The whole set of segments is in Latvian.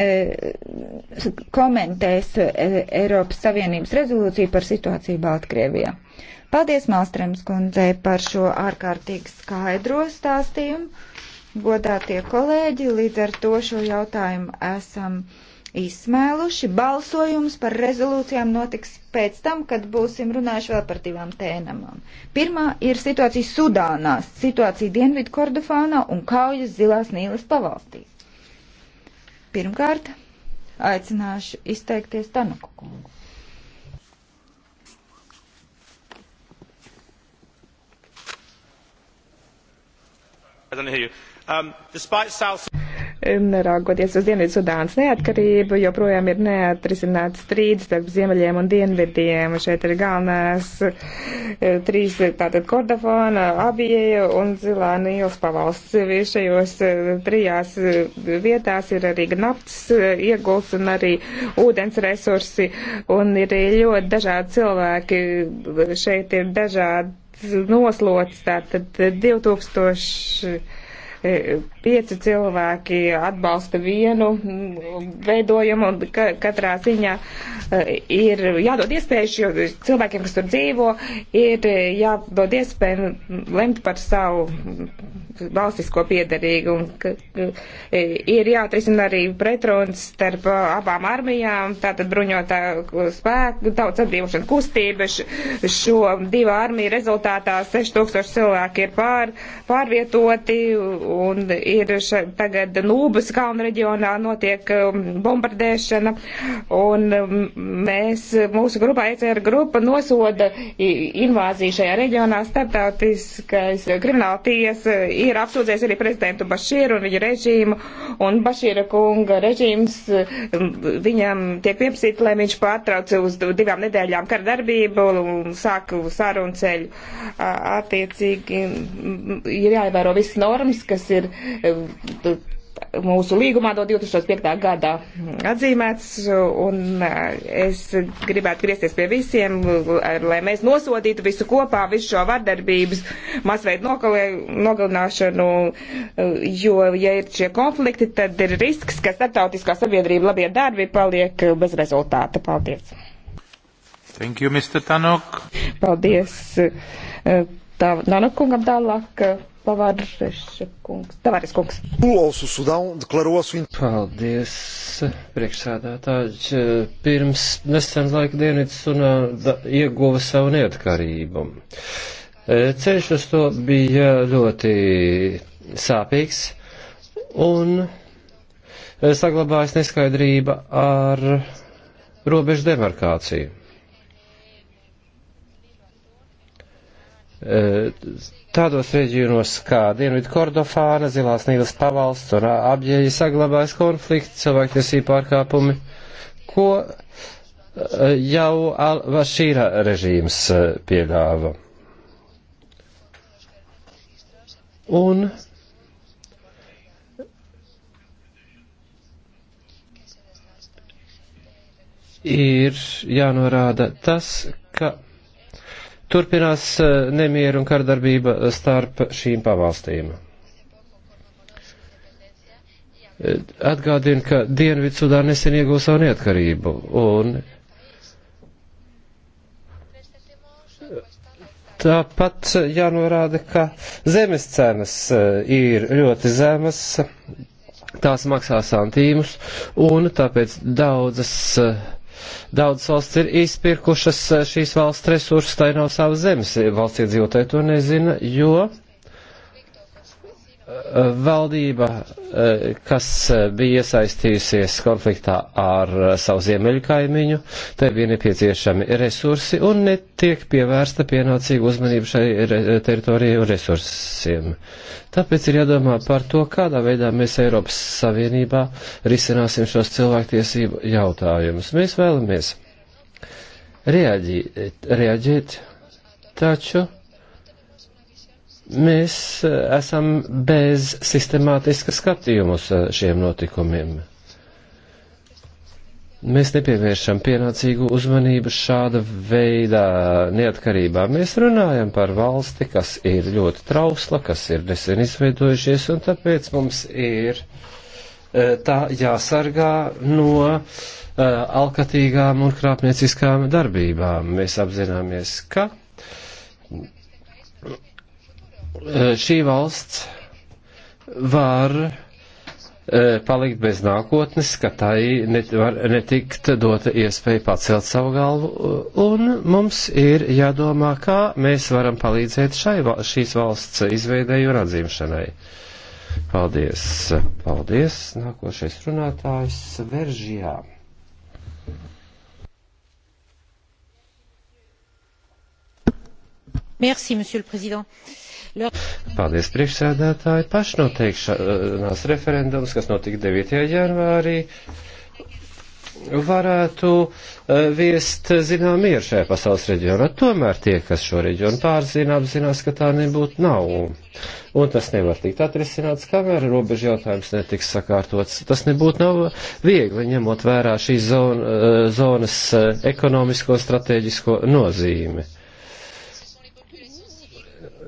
E, komentēs e, Eiropas Savienības rezolūciju par situāciju Baltkrievijā. Paldies Mālstrēms kundzei par šo ārkārtīgi skaidro stāstījumu. Godātie kolēģi, līdz ar to šo jautājumu esam izsmēluši. Balsojums par rezolūcijām notiks pēc tam, kad būsim runājuši vēl par divām tēmām. Pirmā ir situācija Sudānā, situācija Dienvidu Kordofānā un kaujas Zilās Nīlas pavalstīs. Pirmkārt, aicināšu izteikties Tanuku kungu. I don't hear you. Um, South... Neraugoties uz Dienvidzudānas neatkarību, joprojām ir neatrisināts strīds starp ziemeļiem un dienvidiem. Šeit ir galvenās e, trīs tātad Kordofona, Abieja un Zilā Nīls pavalsts. Šajos e, trijās e, vietās ir arī naftas ieguls un arī ūdens resursi un ir ļoti dažādi cilvēki. Šeit ir dažādi noslots, tātad 2000. E, pieci cilvēki atbalsta vienu veidojumu, un ka, katrā ziņā e, ir jādod iespēju šo cilvēkiem, kas tur dzīvo, ir jādod iespēju lemt par savu valstisko piedarīgu, un ka, e, ir jāatrisina arī pretruns starp abām armijām, tātad bruņotā spēku, tautas atbrīvošana kustība, šo divu armiju rezultātā 6000 cilvēki ir pār, pārvietoti, un ir še, tagad Nūbas kalnu reģionā notiek um, bombardēšana, un um, mēs, mūsu grupā ECR grupa nosoda invāziju šajā reģionā. Startautiskais krimināla tiesa ir apsūdzējis arī prezidentu Bašīru un viņa režīmu, un Bašīra kunga režīms um, viņam tiek pieprasīt, lai viņš pārtrauc uz divām nedēļām kardarbību un sāk sarunu ceļu. Attiecīgi ir jāievēro visas normas, kas kas ir mūsu līgumā no 2005. gadā atzīmēts, un eh, es gribētu griezties pie visiem, lai mēs nosodītu visu kopā, visu šo vardarbības, masveidu nogalināšanu, jo, ja ir šie konflikti, tad ir risks, ka starptautiskā sabiedrība labie darbi paliek bez rezultāta. Paldies! Thank you, Mr. Tanok. Paldies. Eh, tā, Nanokungam tālāk Tavareša kungs. Tavares kungs. Ulausu Sudānu deklarēja savu. Paldies, priekšsēdētāji. Pirms nesen laika dienas Sunā ieguva savu neatkarību. Ceļš uz to bija ļoti sāpīgs un saglabājas neskaidrība ar robežu demarkāciju. Eh, tādos reģionos kā Dienvidu Kordofāna, Zilās Nīlas pavalsts un apģēļi saglabājas konflikti, cilvēktiesību pārkāpumi, ko eh, jau Al-Vašīra režīms eh, pieļāva. Un ir jānorāda tas, ka turpinās eh, nemieru un kardarbība eh, starp šīm pavalstīm. Eh, atgādina, ka Dienvidsudāna nesen iegūs savu neatkarību un Tāpat jānorāda, ka zemes cenas ir ļoti zemas, tās maksā santīmus, un tāpēc daudzas uh, Daudz valsts ir izpirkušas eh, šīs valsts resursus, tai nav savas zemes. Valsts iedzīvotāji to nezina, jo valdība, e, kas e, bija iesaistījusies konfliktā ar e, savu ziemeļu kaimiņu, te bija nepieciešami resursi un netiek pievērsta pienācīga uzmanība šai teritorijai un resursiem. Tāpēc ir jādomā par to, kādā veidā mēs Eiropas Savienībā risināsim šos cilvēktiesību jautājumus. Mēs vēlamies reaģēt, reaģēt taču mēs eh, esam bez sistemātiska skatījuma uz eh, šiem notikumiem. Mēs nepievēršam pienācīgu uzmanību šāda veidā neatkarībā. Mēs runājam par valsti, kas ir ļoti trausla, kas ir nesen izveidojušies, un tāpēc mums ir eh, tā jāsargā no alkatīgām un krāpnieciskām darbībām. Mēs apzināmies, ka Eh, šī valsts var eh, palikt bez nākotnes, ka tai net, var netikt dota iespēja pacelt savu galvu, eh, un mums ir jādomā, kā mēs varam palīdzēt šai, šīs valsts izveidēju un atzīmšanai. Paldies, paldies, nākošais runātājs Veržijā. Merci, monsieur le président. Euh, Paldies, priekšsēdētāji. Pašnoteikšanās referendums, kas notika 9. janvārī, varētu eh, viest zinām mieru šajā pasaules reģionā. Tomēr tie, kas šo reģionu pārzina, apzinās, ka tā nebūtu nav. Un tas nevar tikt atrisināts, kamēr robežu jautājums netiks sakārtots. Tas nebūtu nav viegli, ņemot vērā šīs zon, eh, zonas eh, ekonomisko strateģisko nozīmi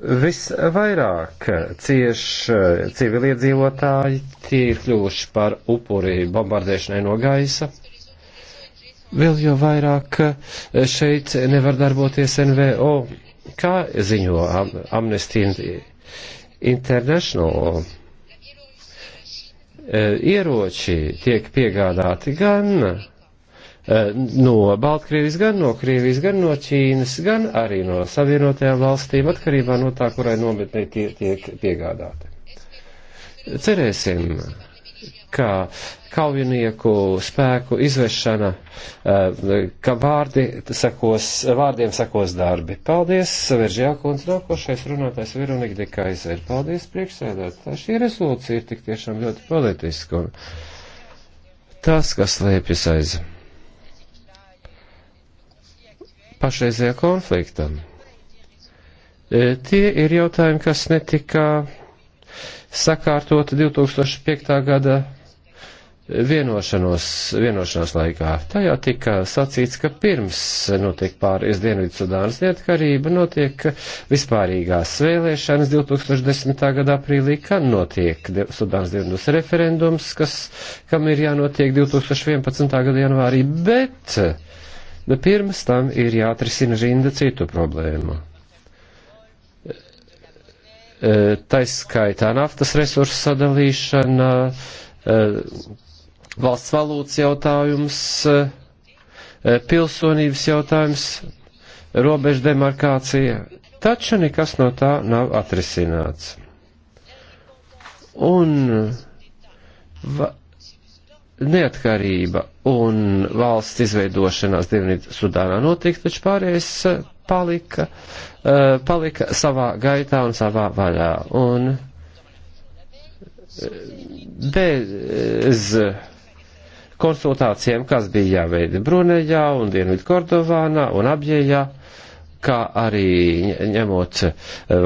Visvairāk cieši eh, civiliedzīvotāji, tie ir kļuvuši par upuri bombardēšanai no gaisa. Vēl jau vairāk eh, šeit nevar darboties NVO, kā ziņo Amnesty International. Eh, ieroči tiek piegādāti gan Eh, no Baltkrievijas, gan no Krievijas, gan no Ķīnas, gan arī no Savienotajām valstīm, atkarībā no tā, kurai nometnē tie tiek piegādāti. Cerēsim, ka kaujinieku spēku izvešana, eh, ka vārdi sakos, vārdiem sakos darbi. Paldies, Veržjā kundze, nākošais runātājs Veronika Dekaizer. Paldies, priekšsēdētāji. Šī rezolūcija ir tik tiešām ļoti politiska un tas, kas liepjas aiz pašreizajā konfliktam. E, tie ir jautājumi, kas netika sakārtot 2005. gada vienošanos, vienošanās laikā. Tajā tika sacīts, ka pirms notiek pārējais Dienvidu Sudānas neatkarība, notiek vispārīgās vēlēšanas 2010. gada aprīlī, kad notiek Sudānas dienvidos referendums, kas, kam ir jānotiek 2011. gada janvārī, bet bet pirms tam ir jāatrisina rinda citu problēmu. E, Taiskaitā naftas resursu sadalīšana, e, valsts valūtas jautājums, e, pilsonības jautājums, robežu demarkācija, taču nekas no tā nav atrisināts. Un va, neatkarība un valsts izveidošanās Dienvidu Sudānā notika, taču pārējais eh, palika, eh, palika savā gaitā un savā vaļā. Un eh, bez konsultācijām, kas bija jāveida Brunejā un Dienvidu Kordovānā un Abjējā, kā arī ņemot, e,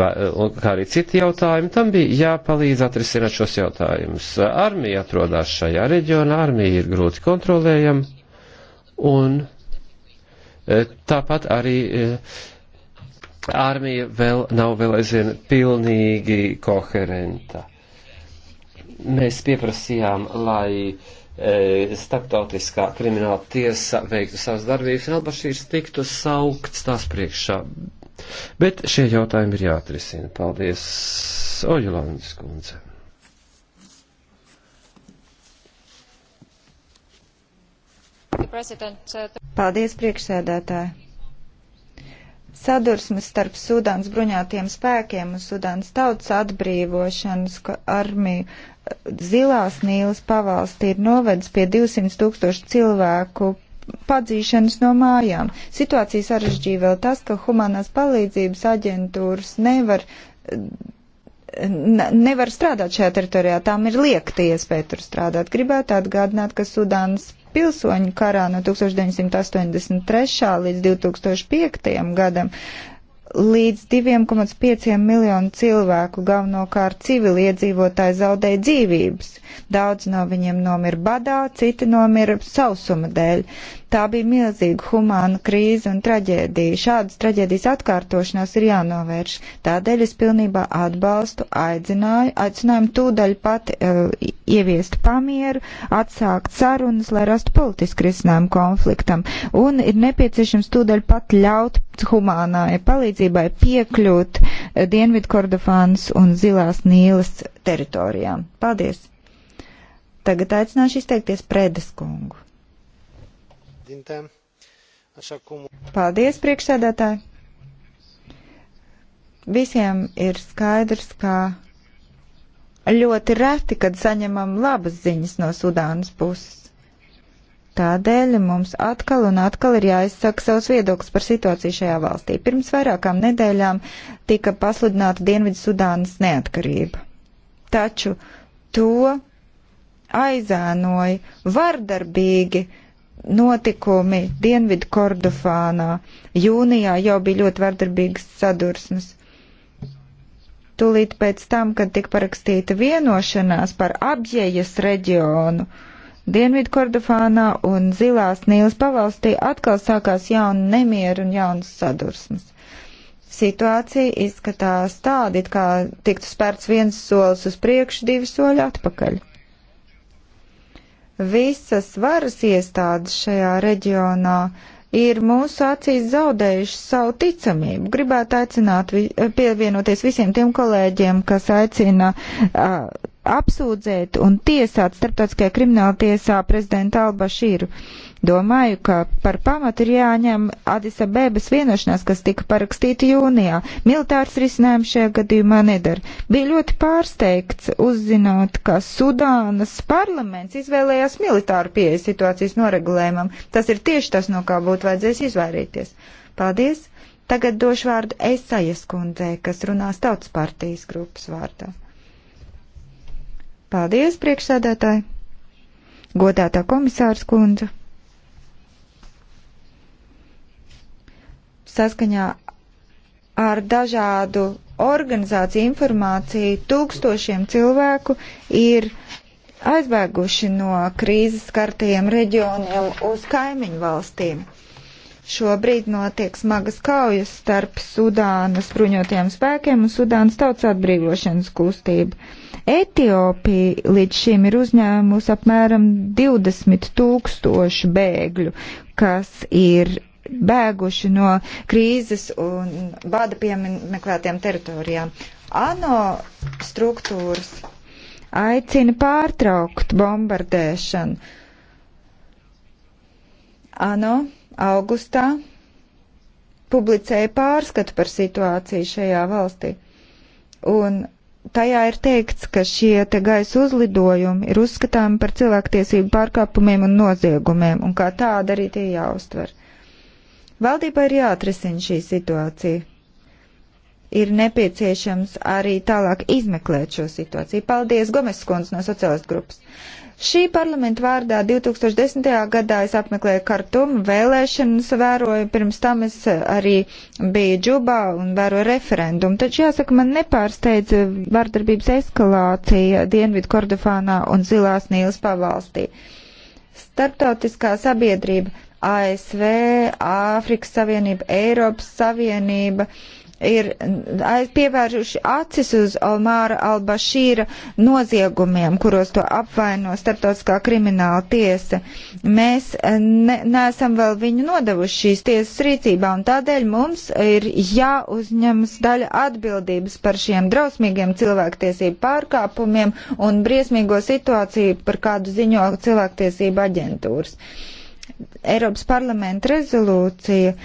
kā arī citi jautājumi, tam bija jāpalīdz atrisināt šos jautājumus. Armija atrodas šajā reģionā, armija ir grūti kontrolējama, un e, tāpat arī e, armija vēl nav vēl aizvien pilnīgi koherenta. Mēs pieprasījām, lai uh, E, starptautiskā krimināla tiesa veiktu savas darbības, un Albašīrs tiktu saukts tās priekšā. Bet šie jautājumi ir jāatrisina. Paldies, Oļulandes kundze. Paldies, priekšsēdētāji. Sadursmes starp Sudānas bruņātiem spēkiem un Sudānas tautas atbrīvošanas armiju zilās nīlas pavalsti ir novedis pie 200 tūkstošu cilvēku padzīšanas no mājām. Situācija sarežģīja vēl tas, ka humanās palīdzības aģentūras nevar, nevar strādāt šajā teritorijā, tām ir liekta iespēja tur strādāt. Gribētu atgādināt, ka Sudānas pilsoņu karā no 1983. līdz 2005. gadam Līdz 2,5 miljonu cilvēku, galvenokārt civiliedzīvotāji, zaudēja dzīvības. Daudz no viņiem nomira badā, citi nomira sausuma dēļ. Tā bija milzīga humāna krīze un traģēdija. Šādas traģēdijas atkārtošanās ir jānovērš. Tādēļ es pilnībā atbalstu aicināju, aicinājumu tūdaļ pat uh, ieviest pamieru, atsākt sarunas, lai rastu politisku risinājumu konfliktam. Un ir nepieciešams tūdaļ pat ļaut humānai palīdzībai piekļūt uh, Dienvidu Kordofānas un Zilās Nīlas teritorijām. Paldies! Tagad aicināšu izteikties Predes kungu. Paldies, priekšsēdētāji! Visiem ir skaidrs, ka ļoti reti, kad saņemam labas ziņas no Sudānas puses. Tādēļ mums atkal un atkal ir jāizsaka savs viedoklis par situāciju šajā valstī. Pirms vairākām nedēļām tika pasludināta Dienvidu Sudānas neatkarība. Taču to aizēnoja vardarbīgi notikumi Dienvidu Kordofānā jūnijā jau bija ļoti vardarbīgas sadursmes. Tūlīt pēc tam, kad tika parakstīta vienošanās par apģējas reģionu, Dienvidu Kordofānā un Zilās Nīlas pavalstī atkal sākās jauni nemieri un jaunas sadursmes. Situācija izskatās tāda, it kā tiktu spērts viens solis uz priekšu, divi soļi atpakaļ visas varas iestādes šajā reģionā ir mūsu acīs zaudējuši savu ticamību. Gribētu aicināt, vi pievienoties visiem tiem kolēģiem, kas aicina uh, apsūdzēt un tiesāt starptautiskajā krimināla tiesā prezidentu Albašīru. Uh, Domāju, ka par pamatu ir jāņem Adisa Bēbas vienošanās, kas tika parakstīta jūnijā. Militārs risinājums šajā gadījumā nedara. Bija ļoti pārsteigts uzzinot, ka Sudānas parlaments izvēlējās militāru pieeja situācijas noregulējumam. Tas ir tieši tas, no kā būtu vajadzējis izvairīties. Paldies! Tagad došu vārdu Esajas kundzei, kas runās Tautas partijas grupas vārdā. Paldies, priekšsēdētāji! Godātā komisārs kundze! saskaņā ar dažādu organizāciju informāciju tūkstošiem cilvēku ir aizbēguši no krīzes skartajiem reģioniem uz kaimiņu valstīm. Šobrīd notiek smagas kaujas starp Sudānas bruņotajiem spēkiem un Sudānas tautas atbrīvošanas kustību. Etiopija līdz šim ir uzņēmusi apmēram 20 tūkstošu bēgļu, kas ir bēguši no krīzes un bada piemeklētiem teritorijām. ANO struktūras aicina pārtraukt bombardēšanu. ANO augustā publicēja pārskatu par situāciju šajā valstī. Un tajā ir teikts, ka šie te gaisa uzlidojumi ir uzskatāmi par cilvēktiesību pārkāpumiem un noziegumiem, un kā tāda arī tie jāuztver. Valdībai ir jāatrisina šī situācija. Ir nepieciešams arī tālāk izmeklēt šo situāciju. Paldies, Gomes Skons no sociālistu grupas. Šī parlamenta vārdā 2010. gadā es apmeklēju Kartumu vēlēšanas, vēroju, pirms tam es arī biju Džubā un vēroju referendumu. Taču jāsaka, man nepārsteidz vārdarbības eskalācija Dienvidu Kordofānā un Zilās Nīlas pavalstī. Starptautiskā sabiedrība ASV, Āfrikas Savienība, Eiropas Savienība ir pievēršuši acis uz Almāra Albašīra noziegumiem, kuros to apvaino starptautiskā krimināla tiesa. Mēs eh, ne, neesam vēl viņu nodevuši šīs tiesas rīcībā, un tādēļ mums ir jāuzņemas daļa atbildības par šiem drausmīgiem cilvēktiesību pārkāpumiem un briesmīgo situāciju, par kādu ziņo cilvēktiesību aģentūras. Uh, Eiropas parlamenta rezolūcija uh,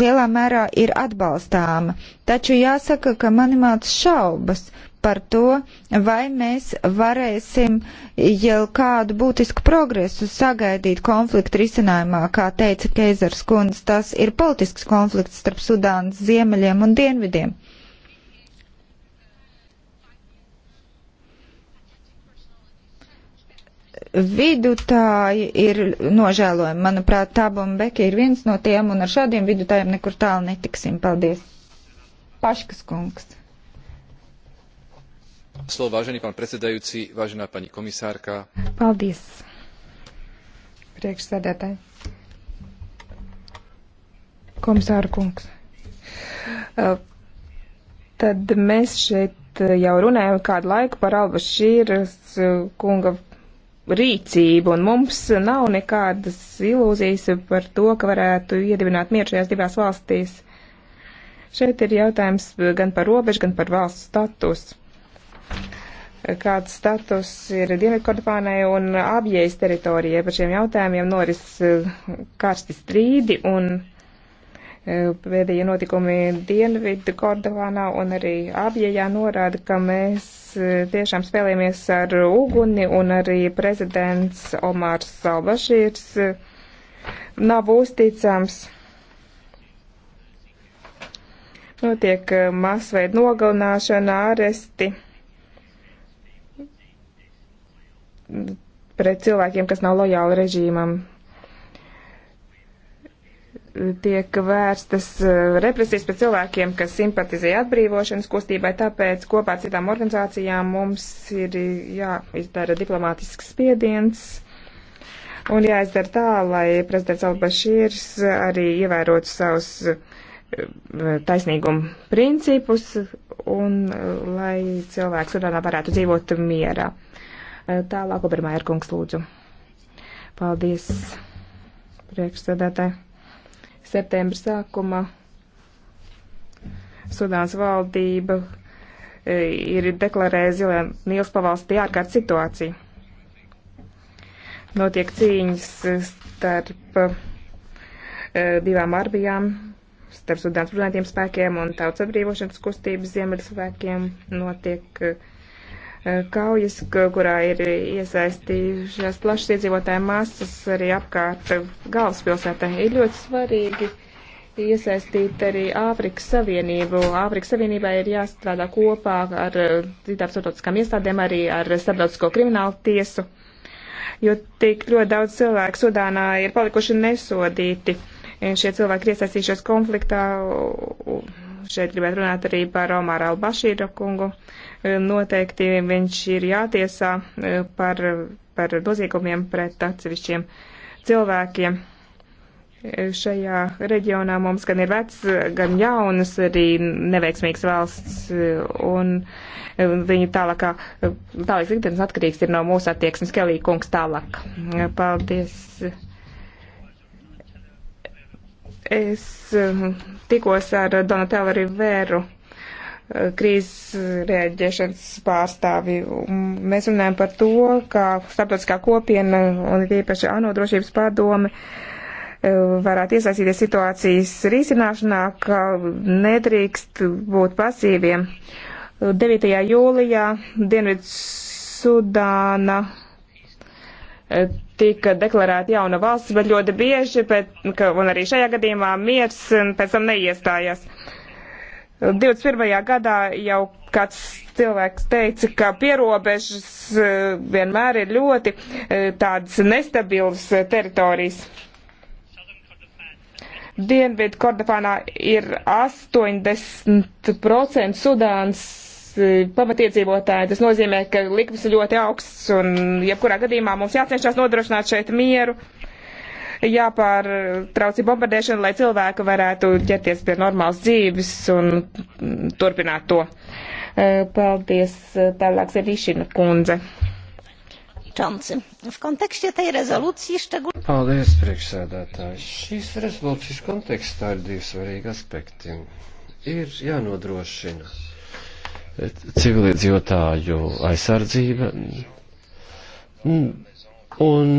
lielā mērā ir atbalstāma, taču jāsaka, ka mani māc šaubas par to, vai mēs varēsim jau kādu būtisku progresu sagaidīt konflikta risinājumā, kā teica Keizers Kunds, tas ir politisks konflikts starp Sudānas ziemeļiem un dienvidiem. vidutāji ir nožēlojami. Manuprāt, Tabum Beki ir viens no tiem, un ar šādiem vidutājiem nekur tālu netiksim. Paldies. Paškas kungs. Slovo, vážený pán predsedajúci, vážená pani komisárka. Paldies. Priekšsēdētāji. Komisāra kungs. Tad mēs šeit jau runājam kādu laiku par Alba Šīras kunga rīcību, un mums nav nekādas ilūzijas par to, ka varētu iedibināt mieru šajās divās valstīs. Šeit ir jautājums gan par robežu, gan par valsts statusu. Kāds status ir Dienvidkordofānai un abiejas teritorijai par šiem jautājumiem noris karsti strīdi, un Pēdējie notikumi Dienvidu Kordovānā un arī Abjejā norāda, ka mēs e, tiešām spēlējamies ar uguni un arī prezidents Omārs Salbašīrs e, nav uzticams notiek e, masveida nogalināšana, āresti pret cilvēkiem, kas nav lojāli režīmam tiek vērstas eh, represijas pret cilvēkiem, kas simpatizē atbrīvošanas kustībai, tāpēc kopā ar citām organizācijām mums ir jāizdara diplomātisks spiediens un jāizdara tā, lai prezidents Albašīrs arī ievērotu savus eh, taisnīgumu principus un eh, lai cilvēks Sudānā varētu dzīvot mierā. Tālāk, Obermaier kungs, lūdzu. Paldies, priekšsēdētāji septembra sākuma Sudānas valdība e, ir deklarējusi zilē Nīlas pavalstī ārkārtas situāciju. Notiek cīņas starp e, divām armijām, starp Sudānas brunētiem spēkiem un tautas atbrīvošanas kustības ziemeļu spēkiem. Notiek uh, Eh, kaujas, kurā ir iesaistījušās plašas iedzīvotāju masas arī apkārt galvaspilsētā, ir ļoti svarīgi iesaistīt arī Āfrikas Savienību. Āfrikas Savienībā ir jāstrādā kopā ar eh, citām starptautiskām iestādēm, arī ar starptautisko kriminālu tiesu, jo tik ļoti daudz cilvēku Sudānā ir palikuši nesodīti. Eh, šie cilvēki ir iesaistījušies konfliktā. Šeit gribētu runāt arī par Omāru Albašīru kungu. Uh, Noteikti viņš ir jātiesā eh, par, par noziegumiem pret atsevišķiem cilvēkiem. Eh, šajā reģionā mums gan ir vecs, gan jaunas, arī neveiksmīgas valsts, eh, un viņu tālākā, tālākas liktenes atkarīgs ir no mūsu attieksmes. Kelī kungs tālāk. Paldies. Es tikos ar Donatelu Riveru krīzes rēģēšanas pārstāvi. Mēs runājam par to, ka starptautiskā kopiena un īpaši ANO drošības padome eh, varētu iesaistīties situācijas risināšanā, ka nedrīkst būt pasīviem. 9. jūlijā Dienvidu Sudāna eh, tika deklarēta jauna valsts, bet ļoti bieži, bet, un arī šajā gadījumā miers pēc tam neiestājās. 21. gadā jau kāds cilvēks teica, ka pierobežas e, vienmēr ir ļoti e, tādas nestabilas teritorijas. Dienvidu Kordofānā ir 80% Sudāns e, pamatiedzīvotāji. Tas nozīmē, ka likmes ir ļoti augsts un jebkurā gadījumā mums jācenšas nodrošināt šeit mieru. Uh, jāpārtrauc bombardēšana, lai cilvēki varētu ķerties pie normālas dzīves un turpināt to. Eh, paldies, eh, tālāk Zerišina kundze. W kontekście tej rezolucji szczególnie. Paldies, priekšsēdētāji. Šīs rezolūcijas kontekstā ir divi svarīgi aspekti. Ir jānodrošina eh, civiliedzīvotāju aizsardzība un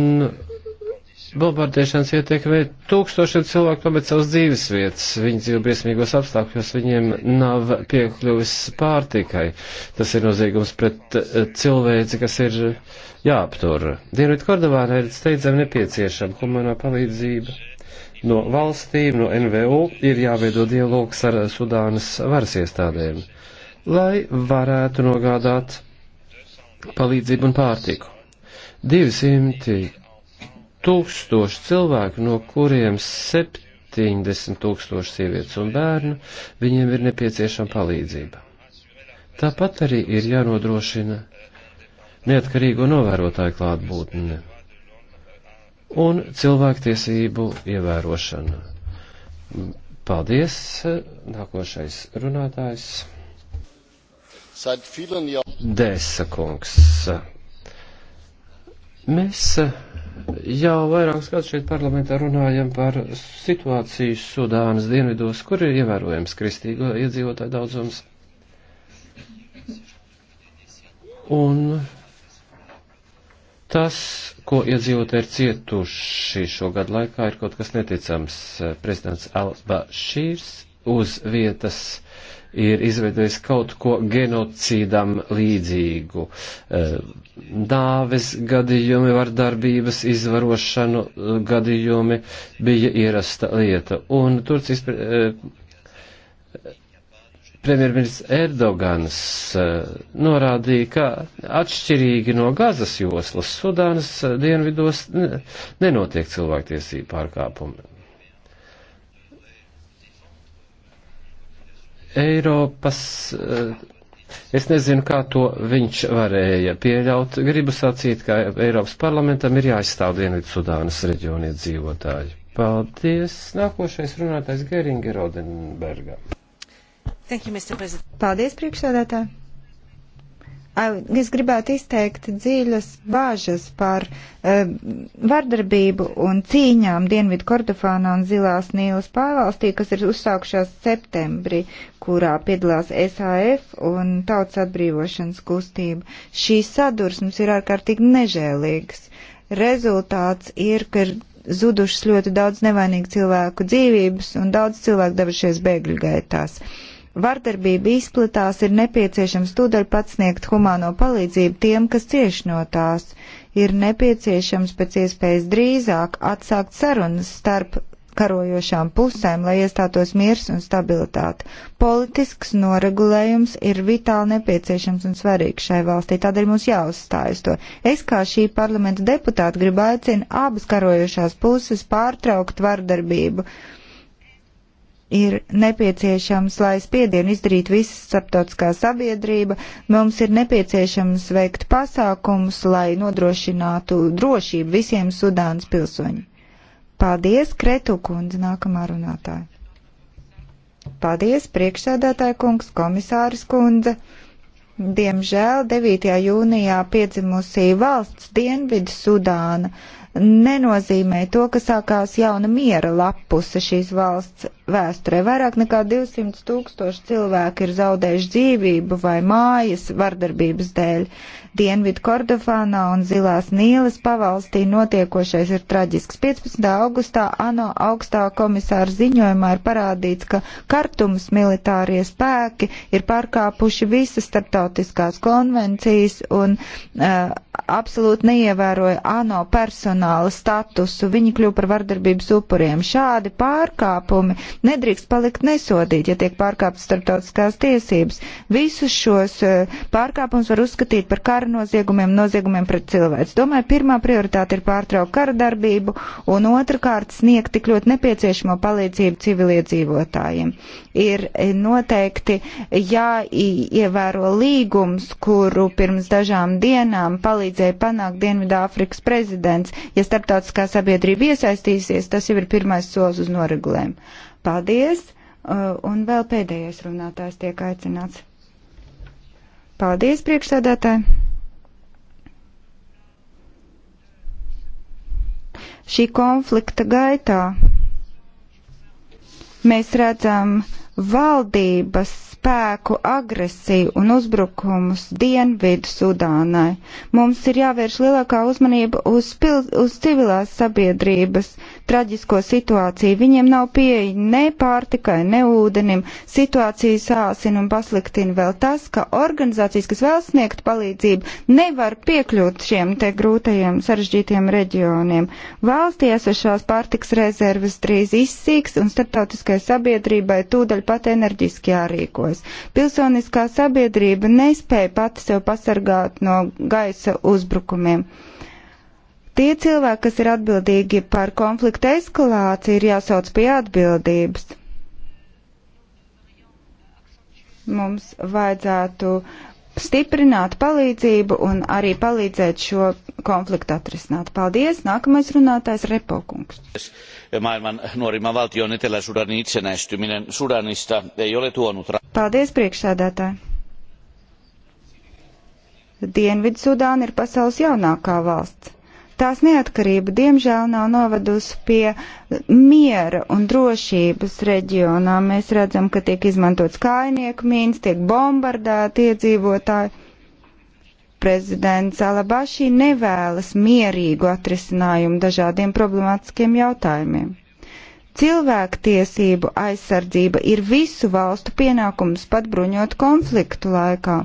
bombardēšanas ietekmē tūkstošiem cilvēku pamet savas dzīves vietas. Viņi dzīvo briesmīgos apstākļos, viņiem nav piekļuvis pārtikai. Tas ir noziegums pret eh, cilvēci, kas ir jāaptur. Dienvidu Kordovānā ir steidzami nepieciešama humanā palīdzība. No valstīm, no NVO ir jāveido dialogs ar Sudānas varas iestādēm, lai varētu nogādāt palīdzību un pārtiku. 200 tūkstoši cilvēku, no kuriem 70 tūkstoši sievietes un bērnu, viņiem ir nepieciešama palīdzība. Tāpat arī ir jānodrošina neatkarīgo novērotāju klātbūtne un cilvēktiesību ievērošana. Paldies, nākošais runātājs. Dēsa kungs. Mēs Jau vairākus gadus šeit parlamentā runājam par situāciju Sudānas dienvidos, kur ir ievērojams kristīgo iedzīvotāju daudzums. Un tas, ko iedzīvotāji ir cietuši šo gadu laikā, ir kaut kas neticams. Prezidents Alba Šīrs uz vietas ir izveidojis kaut ko genocīdam līdzīgu. Dāves eh, gadījumi, vardarbības izvarošanu eh, gadījumi bija ierasta lieta. Un Turcijas eh, premjerministrs Erdogans norādīja, ka atšķirīgi no Gazas joslas Sudānas dienvidos nenotiek cilvēktiesību pārkāpumi. Eiropas. Eh, es nezinu, kā to viņš varēja pieļaut. Gribu sacīt, ka Eiropas parlamentam ir jāizstāv Dienvidu Sudānas reģionu iedzīvotāji. Paldies. Nākošais runātājs Geringa Rodenberga. Thank you, Mr. President. Paldies, priekšsēdētāji. Es gribētu izteikt dziļas bāžas par uh, vardarbību un cīņām Dienvidu Kordofānā un Zilās Nīlas pārvalstī, kas ir uzsākušās septembrī, kurā piedalās SAF un Tautas atbrīvošanas kustība. Šīs sadursmes ir ārkārtīgi nežēlīgas. Rezultāts ir, ka ir zudušas ļoti daudz nevainīgu cilvēku dzīvības un daudz cilvēku devušies bēgļu gaitās. Uh, vardarbība izplatās, ir nepieciešams tūdaļ pat sniegt humāno palīdzību tiem, kas cieš no tās. Ir nepieciešams pēc iespējas drīzāk atsākt sarunas starp karojošām pusēm, lai iestātos miers un stabilitāte. Politisks noregulējums ir vitāli nepieciešams un svarīgs šai valstī, tādēļ mums jāuzstājas to. Es kā šī parlamenta deputāta gribu aicināt abas karojošās puses pārtraukt vardarbību. Uh, ir nepieciešams, lai spiedienu izdarītu visa starptautiskā sabiedrība. Mums ir nepieciešams veikt pasākumus, lai nodrošinātu drošību visiem Sudānas pilsoņiem. Paldies, Kretu kundze, nākamā runātāja. Paldies, priekšsēdētāja kungs, komisāris kundze. Diemžēl 9. jūnijā piedzimusī valsts dienvidu Sudāna nenozīmē to, ka sākās jauna miera lapuse šīs valsts vēsturē. Vairāk nekā 200 tūkstoši cilvēki ir zaudējuši dzīvību vai mājas vardarbības dēļ. Dienvidu Kordofānā un Zilās Nīles pavalstī notiekošais ir traģisks. 15. augustā ANO augstā komisāra ziņojumā ir parādīts, ka kartums militārie spēki ir pārkāpuši visas starptautiskās konvencijas un uh, absolūti neievēroja ANO personāla statusu. Viņi kļuva par vardarbības upuriem. Šādi pārkāpumi nedrīkst palikt nesodīti, ja tiek pārkāptas starptautiskās tiesības. Visus šos eh, pārkāpumus var uzskatīt par kara noziegumiem, noziegumiem pret cilvēks. Domāju, pirmā prioritāte ir pārtraukt kara darbību un otrkārt sniegt tik ļoti nepieciešamo palīdzību civiliedzīvotājiem. Ir eh, noteikti jāievēro līgums, kuru pirms dažām dienām palīdzēja panākt Dienvidāfrikas prezidents. Ja starptautiskā sabiedrība iesaistīsies, tas jau ir pirmais solis uz noregulējumu. Paldies! Uh, un vēl pēdējais runātājs tiek aicināts. Paldies, priekšsēdētāji! Šī konflikta gaitā mēs redzam valdības spēku agresiju un uzbrukumus Dienvidu Sudānai. Mums ir jāvērš lielākā uzmanība uz, pil, uz civilās sabiedrības traģisko situāciju. Viņiem nav pieeja ne pārtikai, ne ūdenim. Situācija sāsina un pasliktina vēl tas, ka organizācijas, kas vēl sniegt palīdzību, nevar piekļūt šiem te grūtajiem sarežģītiem reģioniem. Valstī esošās pārtiks rezerves drīz izsīks un starptautiskai sabiedrībai tūdaļ pat enerģiski jārīkojas uzlabojas. Pilsoniskā sabiedrība nespēja pati sev pasargāt no gaisa uzbrukumiem. Tie cilvēki, kas ir atbildīgi par konflikta eskalāciju, ir jāsauc pie atbildības. Mums vajadzētu uh, stiprināt palīdzību un arī palīdzēt šo konfliktu atrisināt. Paldies! Nākamais runātājs Repokungs. Maailman nuorimman valtion Etelä-Sudanin itsenäistyminen Sudanista ei ole tuonut... Paldies, priekšsēdētāji! Dienvidsudāna ir pasaules jaunākā valsts. Tās neatkarība, diemžēl, nav novedusi pie miera un drošības reģionā. Mēs redzam, ka tiek izmantots kainieku mīns, tiek bombardēti iedzīvotāji. Prezidents Alabašī nevēlas mierīgu atrisinājumu dažādiem problemātiskiem jautājumiem. Cilvēktiesību aizsardzība ir visu valstu pienākums pat bruņot konfliktu laikā.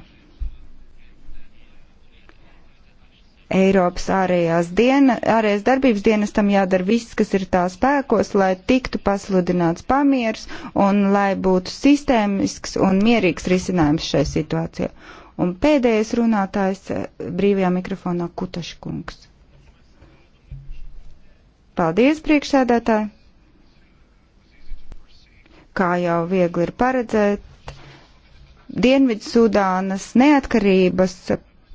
Eiropas ārējās diena, ārējās darbības dienas tam jādara viss, kas ir tā spēkos, lai tiktu pasludināts pamiers un lai būtu sistēmisks un mierīgs risinājums šai situācijai. Un pēdējais runātājs eh, brīvajā mikrofonā Kutaškungs. Paldies, priekšsēdētāji! Kā jau viegli ir paredzēt, Dienvidsudānas neatkarības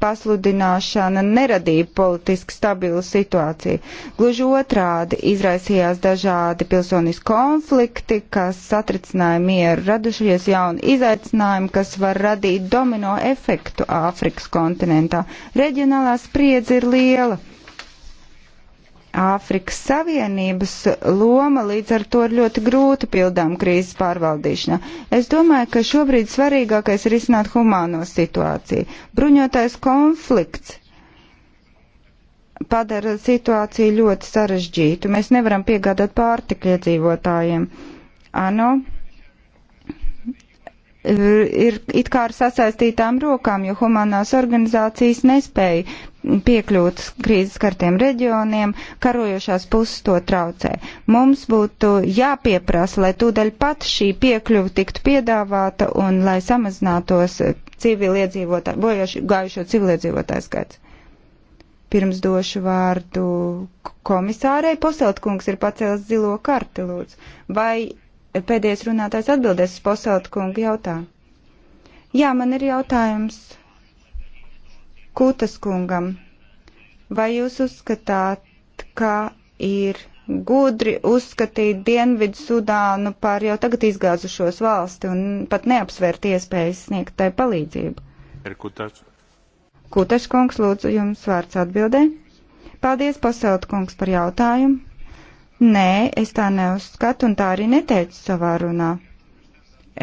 pasludināšana neradīja politiski stabilu situāciju. Gluži otrādi izraisījās dažādi pilsoniski konflikti, kas satricināja mieru, radušies jauni izaicinājumi, kas var radīt domino efektu Āfrikas kontinentā. Reģionālā spriedze ir liela Āfrikas Savienības loma līdz ar to ir ļoti grūti pildām krīzes pārvaldīšanā. Es domāju, ka šobrīd svarīgākais ir izsnāt humāno situāciju. Bruņotais konflikts padara situāciju ļoti sarežģītu. Mēs nevaram piegādāt pārtiku iedzīvotājiem. Ano, ir it kā ar sasaistītām rokām, jo humanās organizācijas nespēja piekļūt krīzes kartiem reģioniem, karojošās puses to traucē. Mums būtu jāpieprasa, lai tūdaļ pat šī piekļuva tiktu piedāvāta un lai samazinātos civiliedzīvotāju, bojoši gājušo civiliedzīvotāju skaits. Pirms došu vārdu komisārei, Poseltkungs ir pacēlis zilo karti, lūdzu. Vai pēdējais runātājs atbildēs uz Poseltkungu jautājumu? Jā, man ir jautājums Kutas kungam, vai jūs uzskatāt, ka ir gudri uzskatīt Dienvidu Sudānu par jau tagad izgāzušos valsti un pat neapsvērt iespējas sniegt tai palīdzību? Ir Kutas. Kutas kungs, lūdzu, jums vārds atbildē. Paldies, Pasaut kungs, par jautājumu. Nē, es tā neuzskatu un tā arī neteicu savā runā.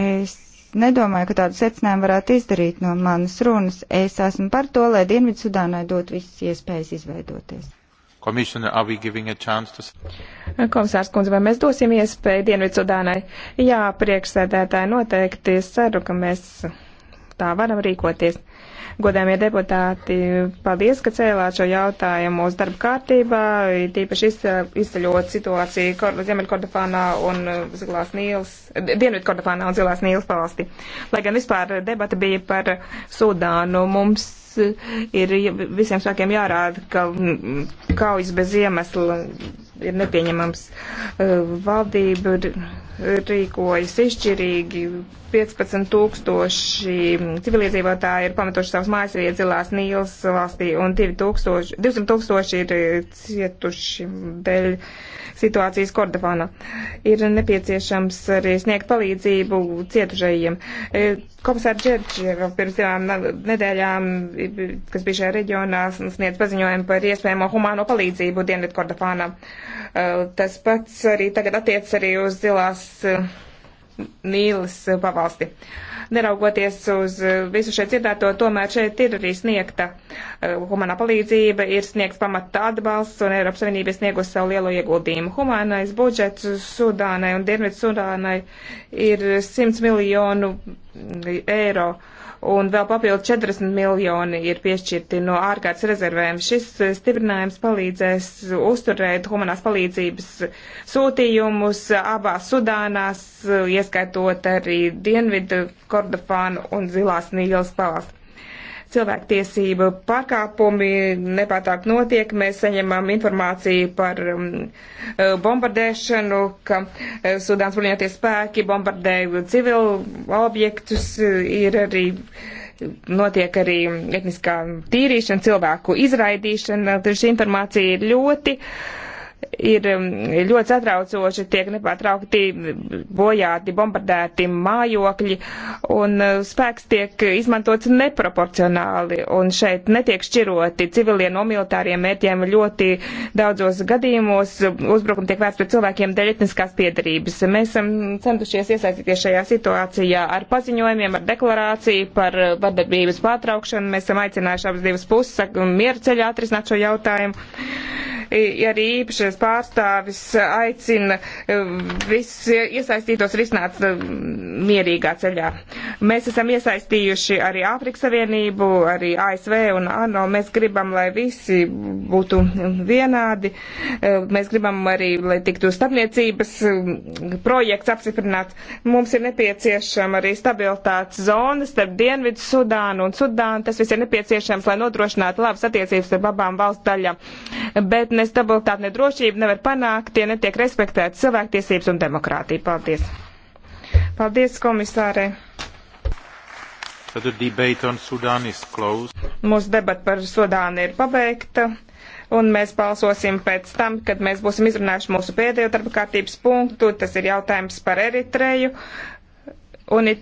Es nedomāju, ka tādu secinājumu varētu izdarīt no manas runas. Es esmu par to, lai Dienvidsudānai dot visas iespējas izveidoties. Komisārs kundze, vai mēs dosim iespēju Dienvidsudānai? Jā, priekšsēdētāji noteikti es ceru, ka mēs tā varam rīkoties. Godāmie deputāti, paldies, ka cēlāt šo jautājumu uz darba kārtībā, tīpaši izceļot situāciju Ziemeļkordofānā un uh, Zilās Nīlas, Dienvidkordofānā un Zilās Nīlas valstī. Lai gan vispār debata bija par Sudānu, mums ir visiem spēkiem jārāda, ka mm, kaujas bez iemesla ir nepieņemams. Valdība rīkojas izšķirīgi. 15 tūkstoši civiliedzīvotāji ir pametuši savus mājas vietas Zilās Nīlas valstī un 2000, 200 tūkstoši ir cietuši dēļ situācijas Kordofāna. Ir nepieciešams arī sniegt palīdzību cietušajiem. Komisāra Džerdžieva pirms divām nedēļām, kas bija šajā reģionā, sniedz paziņojumu par iespējamo humāno palīdzību Dienvidu Kordofānam. Eh, tas pats arī tagad attiec arī uz zilās eh, Nīlas eh, pavalsti. Neraugoties uz visu šeit dzirdēto, tomēr šeit ir arī sniegta humanā palīdzība, ir sniegts pamata atbalsts un Eiropas Savienība sniegus savu lielo ieguldījumu. Humanais budžets Sudānai un Dienvidu Sudānai ir 100 miljonu eiro. Uh, un vēl papildu 40 miljoni ir piešķirti no ārkārtas rezervēm. Šis eh, stiprinājums palīdzēs uzturēt humanās palīdzības sūtījumus abās Sudānās, eh, ieskaitot arī Dienvidu, Kordofānu un Zilās Nīļas palas cilvēktiesību pārkāpumi nepārtraukt notiek. Mēs saņemam informāciju par um, e, bombardēšanu, ka e, Sudāns bruņoties spēki bombardē civilu objektus, ir arī notiek arī etniskā tīrīšana, cilvēku izraidīšana. Šī informācija ir ļoti uh, ir um, ļoti satraucoši, tiek nepārtraukti bojāti, bombardēti mājokļi, un uh, spēks tiek izmantots neproporcionāli, un šeit netiek šķiroti civilie no militāriem mērķiem ļoti daudzos gadījumos, uzbrukumi tiek vērts pret cilvēkiem dēļ etniskās piedarības. Mēs esam um, centušies iesaistīties šajā situācijā ar paziņojumiem, ar deklarāciju par uh, vardarbības pārtraukšanu, mēs esam aicinājuši abas divas puses, mieru ceļā atrisināt šo jautājumu arī īpašais pārstāvis aicina e, visus iesaistītos risināt e, mierīgā ceļā. Mēs esam iesaistījuši arī Āfrikas Savienību, arī ASV un ANO. Mēs gribam, lai visi būtu vienādi. E, mēs gribam arī, lai tiktu starpniecības projekts apstiprināts. Mums ir nepieciešama arī stabilitātes zona starp Dienvidu Sudānu un Sudānu. Tas viss ir nepieciešams, lai nodrošinātu labas attiecības starp abām valsts daļām. Bet nestabilitāte, ne drošība nevar panākt, tie netiek respektētas cilvēktiesības un demokrātija. Paldies. Paldies, komisārē. Mūsu debata par Sudānu ir pabeigta, un mēs balsosim pēc tam, kad mēs būsim izrunājuši mūsu pēdējo darba kārtības punktu. Tas ir jautājums par Eritreju. Un it